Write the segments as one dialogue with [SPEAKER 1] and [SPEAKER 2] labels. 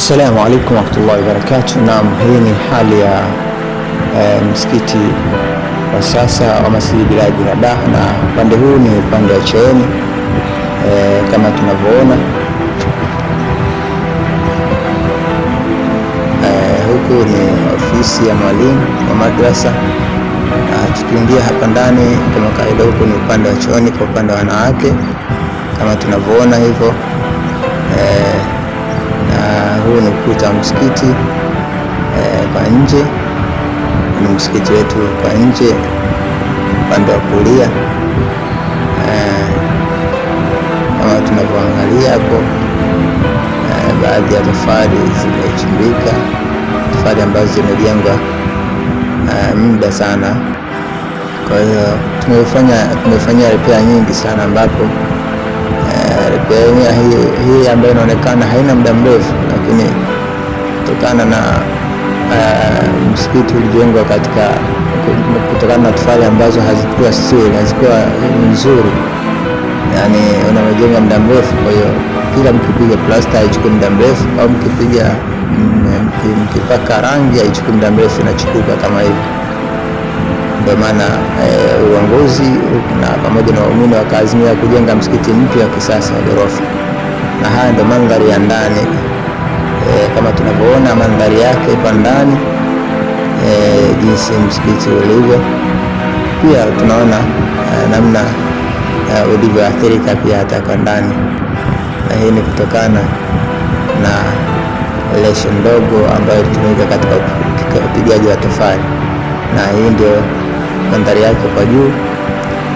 [SPEAKER 1] Assalamu alaikum warahmatullahi wabarakatu Naam, hii ni hali ya e, msikiti wa sasa wa Masjid Bilali Rabaah, na upande huu ni upande wa chooni e, kama tunavyoona eh, huku ni ofisi ya mwalimu wa madrasa. Ah, tukiingia hapa ndani, kama kawaida, huku ni upande wa chooni kwa upande wa wanawake kama tunavyoona hivyo e, huu ni ukuta wa msikiti e, kwa nje ni msikiti wetu kwa nje upande wa kulia eh, kama e, tunavyoangalia hapo e, baadhi ya tofali zimechimbika, tofali ambazo zimejengwa e, muda sana. Kwa hiyo tumefanya tumefanyia repea nyingi sana ambapo repea hii ambayo inaonekana haina muda mrefu lakini kutokana na uh, msikiti ulijengwa katika kutokana na tofali ambazo hazikuwa siri, hazikuwa nzuri, yani unaojenga muda mrefu. Kwa hiyo kila mkipiga plasta haichukui muda mrefu, au mkipiga mm, mkipaka rangi haichukui muda mrefu, inachukuka kama hivi. Ndio maana eh, uongozi na pamoja na waumini wakaazimia kujenga msikiti mpya wa kisasa wa ghorofa, na haya ndio mandhari ya ndani e, kama tunavyoona mandhari yake kwa ndani e, jinsi msikiti ulivyo. Pia tunaona e, namna e, ulivyoathirika pia hata kwa ndani, na hii ni kutokana na leshe ndogo ambayo ilitumika katika upigaji wa tofali, na hii ndio mandhari yake kwa juu.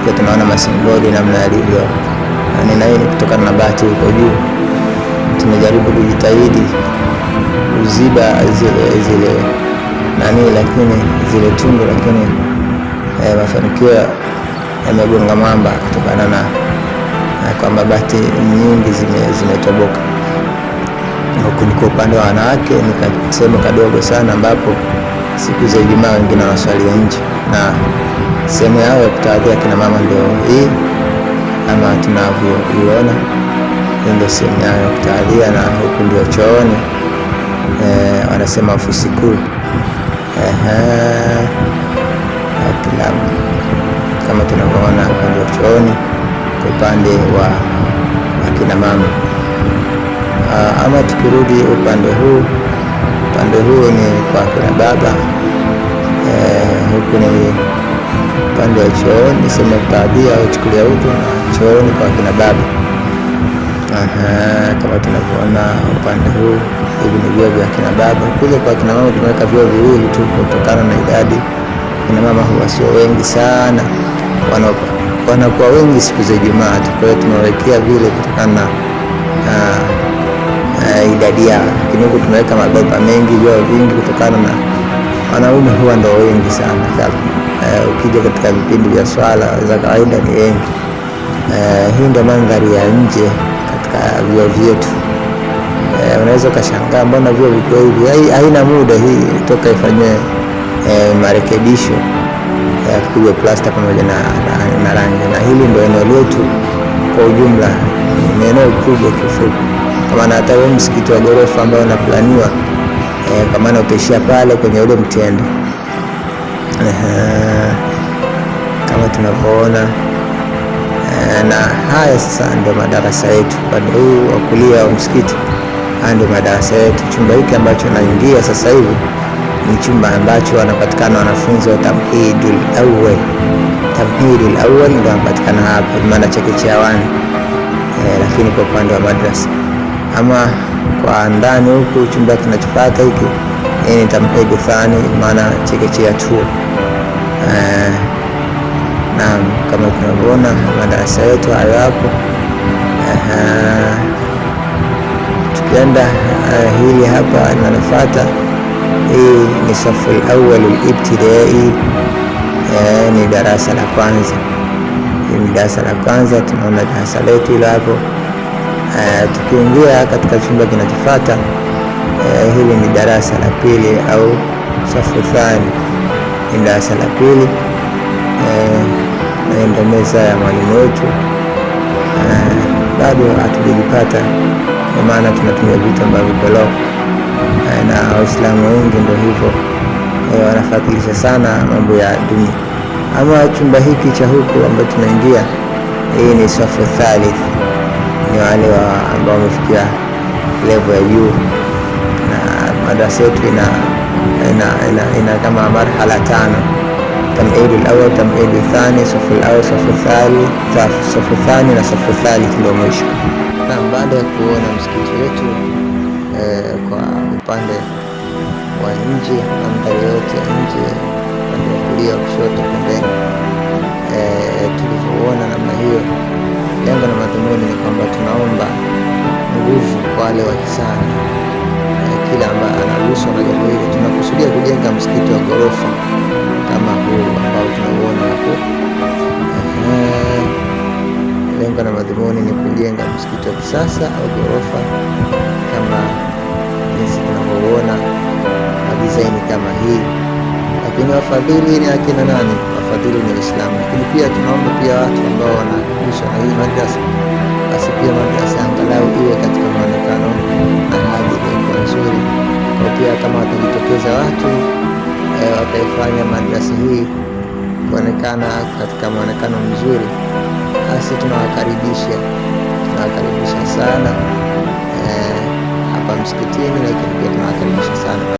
[SPEAKER 1] Pia tunaona masimboli namna yalivyo, na hii ni kutokana na bati huko juu tumejaribu kujitahidi kuziba zile zile nani, lakini zile tundu, lakini eh, mafanikio yamegonga mwamba kutokana na eh, kwamba bati nyingi zimetoboka. Zime huku upande wa wanawake ni kadogo sana, ambapo siku za Ijumaa wengine wanaswali nje na sehemu yao ya kutawadhia kina mama ndio hii ama tunavyoiona ndo sehemu yao kutaalia na huku ndio chooni eh, wanasema ofisi kuu kama tunavyoona hapa ndio chooni kwa upande wa akina mama. Ah, ama tukirudi upande huu, upande huu ni kwa akina baba eh, huku ni upande wa chooni sema taabia au chukulia utu na chooni kwa akina baba. Aha, kama tunavyoona upande huu, hivi ni vyoo vya kina baba. Kule kwa kina mama tumeweka vyoo viwili tu kutokana na idadi. Kina mama huwa sio wengi sana, wanakuwa wengi siku za Ijumaa tu, kwa hiyo tumewekea vile kutokana na uh, idadi yao, lakini huku tumeweka mabeba mengi, vyoo vingi kutokana na wanaume huwa ndo wengi sana. Uh, ukija katika vipindi vya swala za kawaida ni wengi. Uh, hii ndo mandhari ya nje vyo vyuo vyetu uh, unaweza ukashangaa mbona vyuo viko hivi, haina muda hii toka ifanywe uh, marekebisho ya kupigwa plasta pamoja na, na, na rangi. Na hili ndio eneo letu kwa ujumla, ni eneo kubwa kifupi, kwa maana hata huo msikiti wa ghorofa ambao unaplaniwa eh, kwa maana utaishia pale kwenye ule mtendo uh, kama tunavyoona Eh, na haya sasa ndio madarasa yetu. Upande huu wa kulia wa msikiti, haya ndio madarasa yetu. Chumba hiki ambacho naingia sasa hivi ni chumba ambacho wanapatikana wanafunzi wa tamhidul awwal. Tamhidul awwal ndio wanapatikana hapa, maana chekechea wani e, lakini kwa upande wa madrasa ama kwa ndani huku, chumba kinachofuata hiki ni tamhidu thani, maana chekechea tu na kama tunavyoona madarasa yetu hayo hapo. Tukienda eh, hili hapa linalofuata, hii ni safu alawali ibtidai, eh, ni darasa la kwanza. Hili ni darasa la kwanza, tunaona darasa letu hilo hapo. Eh, tukiingia katika chumba kinachofuata, hili ni darasa la pili au safu thani, ni darasa la pili ndio meza ya mwalimu wetu. Eh, bado hatujajipata kwa maana tunatumia vitu ambavyo block, eh, na Waislamu wengi ndo hivyo eh, wanafatilisha sana mambo ya dunia. Ama chumba hiki cha huku ambayo tunaingia, hii ni safu thalith, ni wale wa ambao wamefikia levo ya juu, na madrasa yetu ina, ina, ina, ina kama marhala tano. تمهيد alawal, تمهيد الثاني صف alawal, صف thani, صف الثاني na safu thalith ndio mwisho. Na baada ya kuona msikiti wetu eh, kwa upande wa nje, mandhari yote nje, upande kushoto, pembeni eh, tulivyoona namna hiyo, lengo na madhumuni ni kwamba tunaomba nguvu kwa wale wahisani eh, kila ambaye anaguswa na jambo hili, tunakusudia kujenga msikiti wa ghorofa kama huu ambao tunauona hapo. Lengo na madhumuni ni kujenga msikiti wa kisasa au ghorofa kama jinsi tunavyoona na design kama hii, lakini wafadhili ni akina nani? Wafadhili ni Waislamu, lakini pia tunaomba pia watu ambao wanahusika na hii madrasa, basi pia madrasa angalau iwe katika maonekano na hali iliyokuwa nzuri, kwa pia kama watajitokeza watu wakaifanya ataifanya madrasa hii kuonekana katika muonekano mzuri. Basi tunawakaribisha, tunawakaribisha sana e, hapa msikitini, lakini pia tunawakaribisha sana